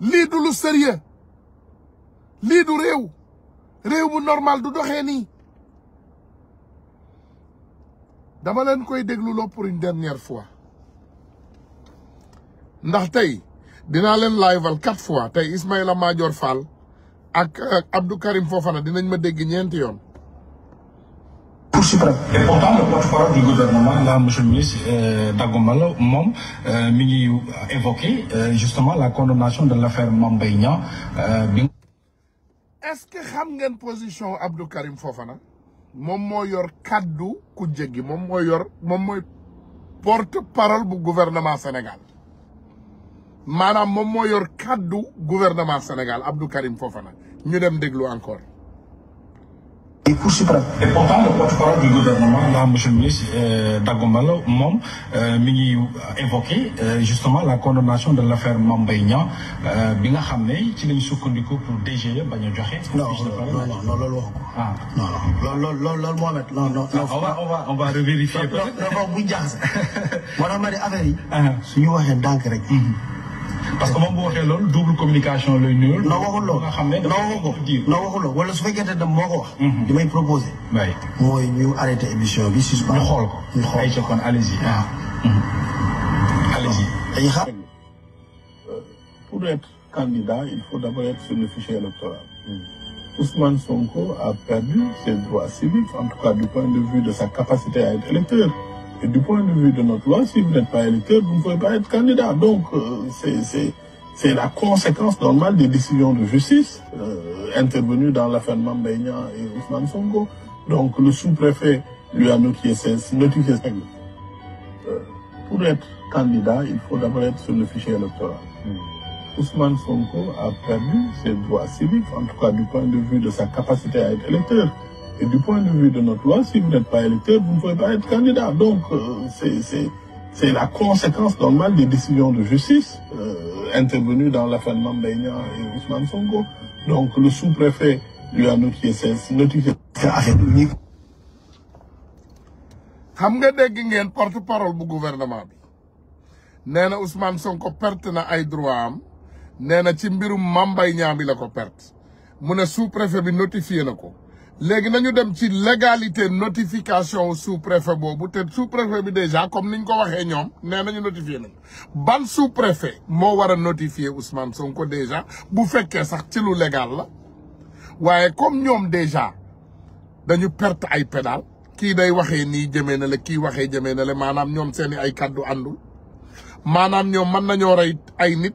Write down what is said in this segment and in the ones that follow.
lii du lu sérieux lii du réew réew mu normal du doxee nii dama leen koy déglu loo pour une dernière fois ndax tey dinaa leen liveal quatre fois tey Ismaïla Madior Fall ak euh, Abdou Karim Fofana dinañ ma dégg ñeenti yoon suprême. et pourtant le porte la euh, moom euh, mi ngi évoqué euh, justement la condamnation de l'affaire Mame Mbaye Niang bi. est-ce que xam ngeen position Abdou Karim Fofana moom moo yor kaddu ku jéggi moom moo yor moom mooy porte-parole bu gouvernement Sénégal maanaam moom moo yor kaddu gouvernement Sénégal Abdou Karim Fofana ñu dem déglu encore. et Cour suprême. et pourtant le porte-parole du gouvernement là monsieur le ministre Dagou Mbalo moom mi ngi évoqué justement la condamnation de l'affaire Mame Mbaye bi nga xam ne ci lañ sukkandiku pour DGE bañ joxe. non non non loolu waxu ko. ah non non loolu loolu loolu Mohamed non non. on va on va on va revérifier. non non non bu ñu moo tax ma affaire yi. suñu waxee ndànk rek. parce que moom bu waxee double communication le nuyul. noo waxul loolu nga xam ne noo waxul ko noo wala su fekkee ne moo ko wax. Mhm. may proposé. waaye mooy ñu arrêté émission bi suspend. ñu xool ko ñu xool ko ay cokkoon pour être candidat il faut d'abord être sur le fichier électoral. Hmm. Ousmane Sonko a perdu ses droits civiques en tout du point de vue de sa capacité à être électeur. Et du point de vue de notre loi, si vous n'êtes pas électeur, vous ne pouvez pas être candidat. Donc, euh, c'est la conséquence normale des décisions de justice euh, intervenues dans l'affaire Mambeigna et Ousmane Sonko. Donc, le sous-préfet lui a notifié ses notifié euh, Pour être candidat, il faut d'abord être sur le fichier électoral. Mm. Ousmane Sonko a perdu ses droits civiques, en tout cas du point de vue de sa capacité à être électeur. Et du point de vue de notre loi, si vous n'êtes pas électeur, vous ne pouvez Donc, euh, c'est la conséquence normale des décisions de justice euh, intervenues dans l'affaire Mambeigna et Ousmane Sonko. Donc, le sous-préfet lui a notifié notifié. xam nga dégg ngeen porte-parole bu gouvernement bi nee na Ousmane Sonko perte na ay droit am nee na ci mbirum Mame Mbaye Niang bi la ko perte mu ne sous-préfet bi notifié na ko léegi nañu dem ci légalité notification sous-préfet boobu te sous-préfet bi déjà comme niñ ko waxee ñoom nee nañu notifié nañ ban sous-préfet moo war a notifié Ousmane Sonko déjà bu fekkee sax ci lu légal la waaye comme ñoom déjà dañu perte ay pédale kii day waxee nii jëmee na la kii waxee jëmee na maanaam ñoom seeni ay kàddu àndul maanaam ñoom mën nañoo rey ay nit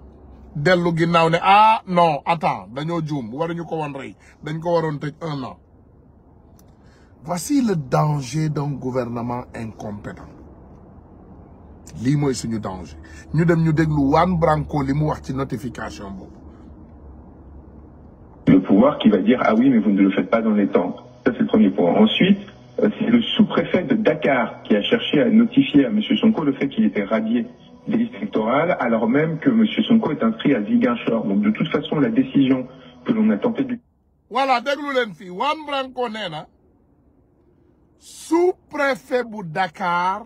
dellu ginnaaw ne ah non attends dañoo juum ñu ko woon rey dañ ko waroon tëj un an voici le danger d'un gouvernement incompétent lii mooy suñu danger ñu dem ñu déglu Juan Branco li mu wax ci notification boobu. le pouvoir qui va dire ah oui mais vous ne le faites pas dans les temps c'est le premier point ensuite euh, c'est le sous-préfet de Dakar qui a cherché à notifier à monsieur Sonko le fait qu'il était radié des listes électorales alors même que monsieur Sonko est inscrit à Ziguinchor donc de toute façon la décision que l'on a tenté de. voilà déglu leen fii su préfet bu Dakar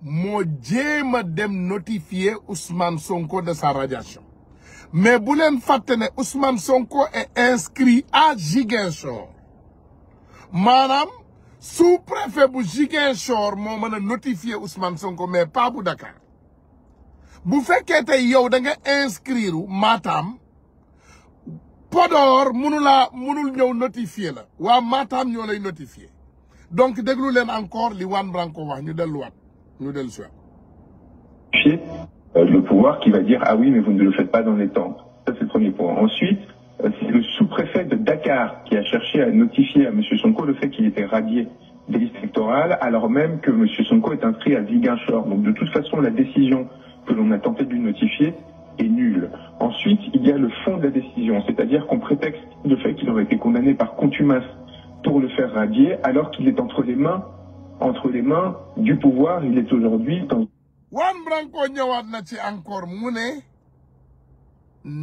moo jéem a dem notifier Ousmane Sonko de sa radiation mais bu leen fàtte ne Ousmane Sonko est inscrit à Ziguinchor maanaam sous-préfet bu Ziguinchor moo mën a notifier Ousmane Sonko mais pas bu Dakar bu fekkee tey yow da nga inscrire Matam Podor mënulaa mënul ñëw notifier la waa Matam ñoo lay notifier donc déglu leen encore li Juan Branco wax ñu delluwaat ñu dellu si waat. Euh, le pouvoir qui va dire ah oui mais vous ne le faites pas dans les temps ça c'est le premier point ensuite euh, c'est le sous-préfet de Dakar qui a cherché à notifier à monsieur Sonko le fait qu'il était radié des listes électorales alors même que monsieur Sonko est inscrit à Ziguinchor donc de toute façon la décision que l'on a tenté de lui notifier est nulle ensuite il y a le fond de la décision c'est-à-dire qu'on prétexte le fait qu'il aurait été pour le faire radier alors qu'il est entre les mains, entre les mains du pouvoir. Il est aujourd'hui dans... Juan Branco ñëwaat na ci encore mu ne